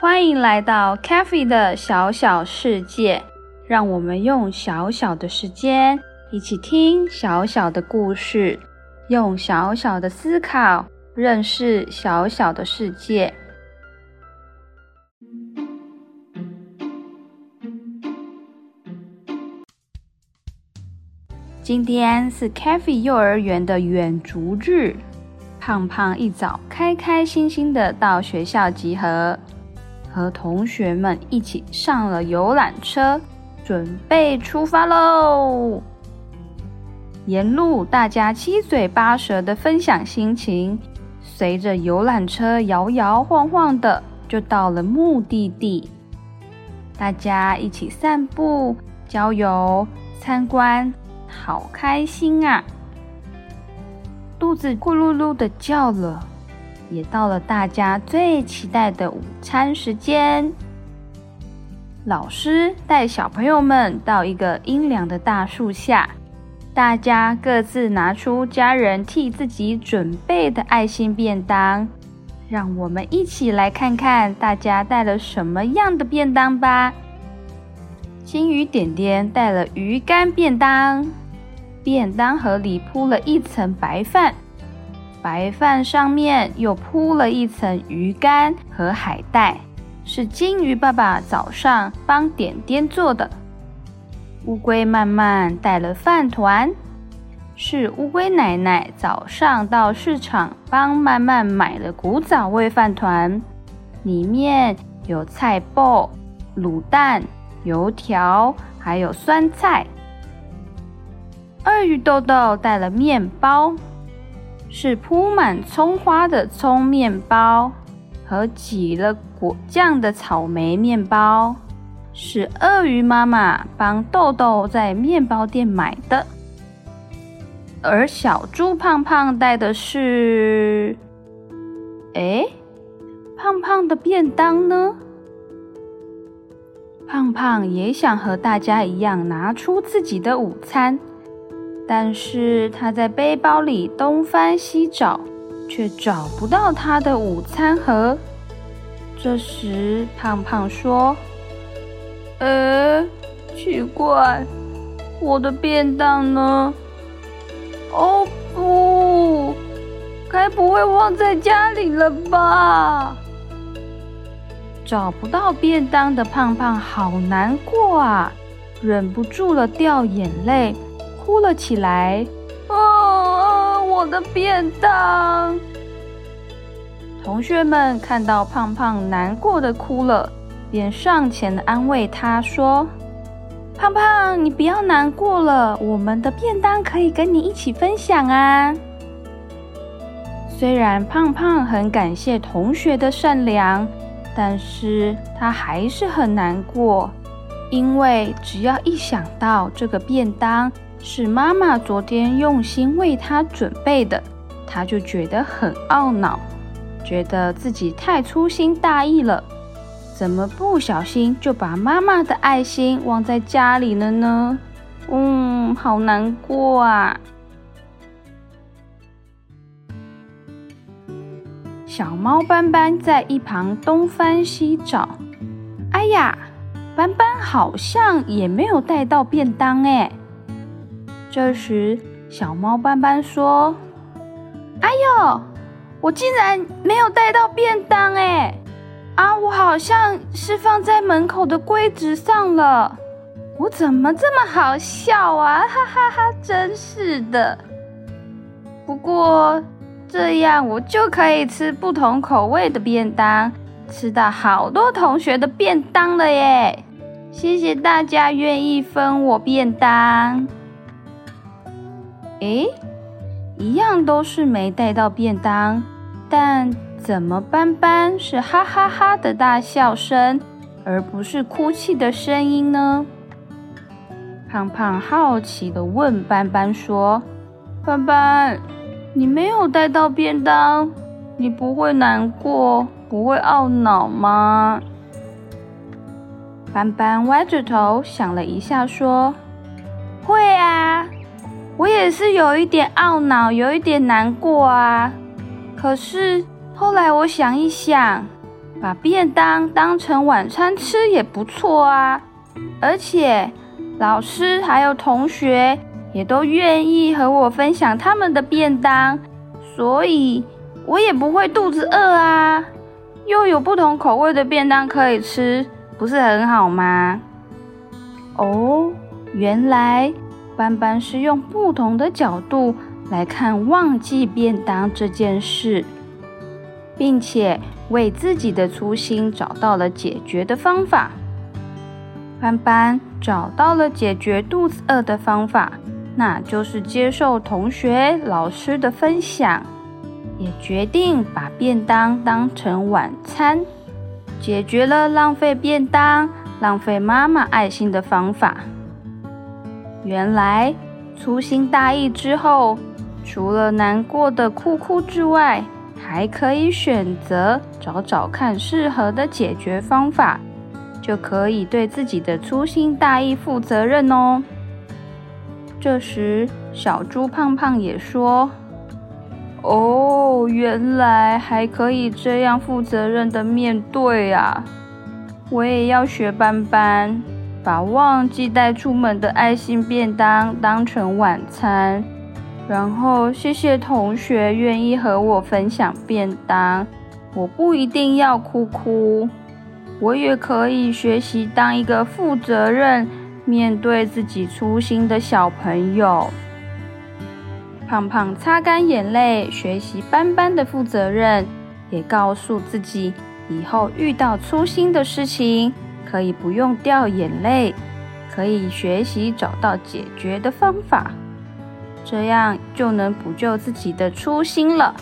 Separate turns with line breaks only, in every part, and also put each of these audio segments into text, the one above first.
歡迎來到 Cathy 的小小世界，讓我們用小小的時間一起聽小小的故事，用小小的思考認識小小的世界。今天是 Cathy 幼兒園的遠足日，胖胖一早開開心心的到學校集合。和同學們一起上了遊覽車，準備出發嘍！沿路大家七嘴八舌的分享心情，隨着遊覽車搖搖晃晃的，就到了目的地。大家一起散步、郊遊、參觀，好開心啊！肚子咕嚕嚕的叫了。也到了大家最期待的午餐時間。老師帶小朋友們到一個陰涼的大樹下，大家各自拿出家人替自己準備的愛心便當。讓我們一起來看看大家帶了什麼樣的便當吧。金魚點點帶了魚乾便當，便當盒裡鋪了一層白飯。白飯上面又鋪了一層魚乾和海帶，是金魚爸爸早上幫點點做的。烏龜慢慢帶了飯糰，是烏龜奶奶早上到市場幫慢慢買的古早味飯糰，裡面有菜脯、滷蛋、油條，還有酸菜。鱷魚豆豆帶了麵包。是鋪滿蔥花的蔥麵包和擠了果醬的草莓麵包，是鱷魚媽媽幫豆豆在麵包店買的。而小豬胖胖帶的是，哎、欸，胖胖的便當呢？胖胖也想和大家一樣拿出自己的午餐。但是他在背包裡東翻西找，卻找不到他的午餐盒。這時，胖胖說：“哎，奇怪，我的便當呢？哦不，該不會忘在家裡了吧？”找不到便當的胖胖好難過啊，忍不住了，掉眼淚。哭了起來，哦，哦，我的便當！同學們看到胖胖難過的哭了，便上前的安慰他說：“胖胖，你不要難過了，我們的便當可以跟你一起分享啊。”雖然胖胖很感謝同學的善良，但是他還是很難過，因為只要一想到這個便當，是媽媽昨天用心為它準備的，它就覺得很懊惱，覺得自己太粗心大意了，怎麼不小心就把媽媽的愛心忘在家裡了呢？嗯，好難過啊！小貓斑斑在一旁東翻西找，哎呀，斑斑好像也沒有帶到便當哎。這時，小貓班班說：“哎呦，我竟然沒有帶到便當耶！啊，我好像是放在門口的櫃子上了。我怎麼這麼好笑啊？哈哈哈哈，真是的。不過這樣我就可以吃不同口味的便當，吃到好多同學的便當了耶！謝謝大家願意分我便當。”哎，一樣都是沒帶到便當，但怎麼斑斑是哈哈哈哈的大笑聲，而不是哭泣的聲音呢？胖胖好奇的問斑斑說：“斑斑，你沒有帶到便當，你不會難過，不會懊惱嗎？”斑斑歪着頭想了一下說：“會啊。”我也是有一點懊惱，有一點難過啊。可是後來我想一想，把便當當成晚餐吃也不錯啊。而且老師還有同學也都願意和我分享他們的便當，所以我也不會肚子餓啊。又有不同口味的便當可以吃，不是很好嗎？哦，原來。班班是用不同的角度來看忘記便當這件事，並且為自己的粗心找到了解決的方法。班班找到了解決肚子餓的方法，那就是接受同學、老師的分享，也決定把便當當成晚餐，解決了浪費便當、浪費媽媽愛心的方法。原來粗心大意之後，除了難過的哭哭之外，還可以選擇找找看適合的解決方法，就可以對自己的粗心大意負責任哦。這時，小豬胖胖也說：“哦，原來還可以這樣負責任的面對啊！我也要學斑斑。”把忘記帶出門的愛心便當當成晚餐，然後謝謝同學願意和我分享便當。我不一定要哭哭，我也可以學習當一個負責任、面對自己粗心的小朋友。胖胖擦乾眼淚，學習班班的負責任，也告訴自己以後遇到粗心的事情。可以不用掉眼淚，可以學習找到解決的方法，這樣就能補救自己的粗心了。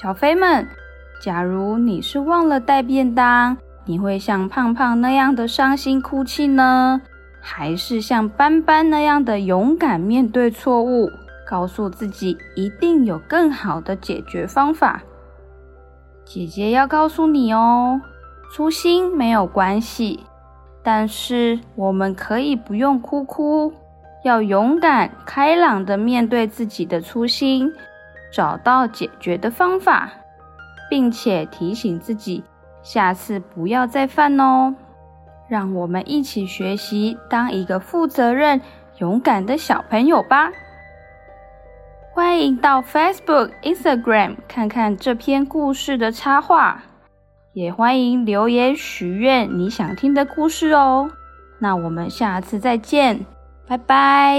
小飛們，假如你是忘了帶便當，你會像胖胖那樣的傷心哭泣呢，還是像斑斑那樣的勇敢面對錯誤，告訴自己一定有更好的解決方法。姐姐要告訴你哦，粗心沒有關係，但是我們可以不用哭哭，要勇敢開朗地面對自己的粗心，找到解決的方法，並且提醒自己下次不要再犯哦。讓我們一起學習，當一個負責任、勇敢的小朋友吧。歡迎到 Facebook、Instagram 看看這篇故事的插畫，也歡迎留言許願你想聽的故事哦。那我們下次再見，拜拜。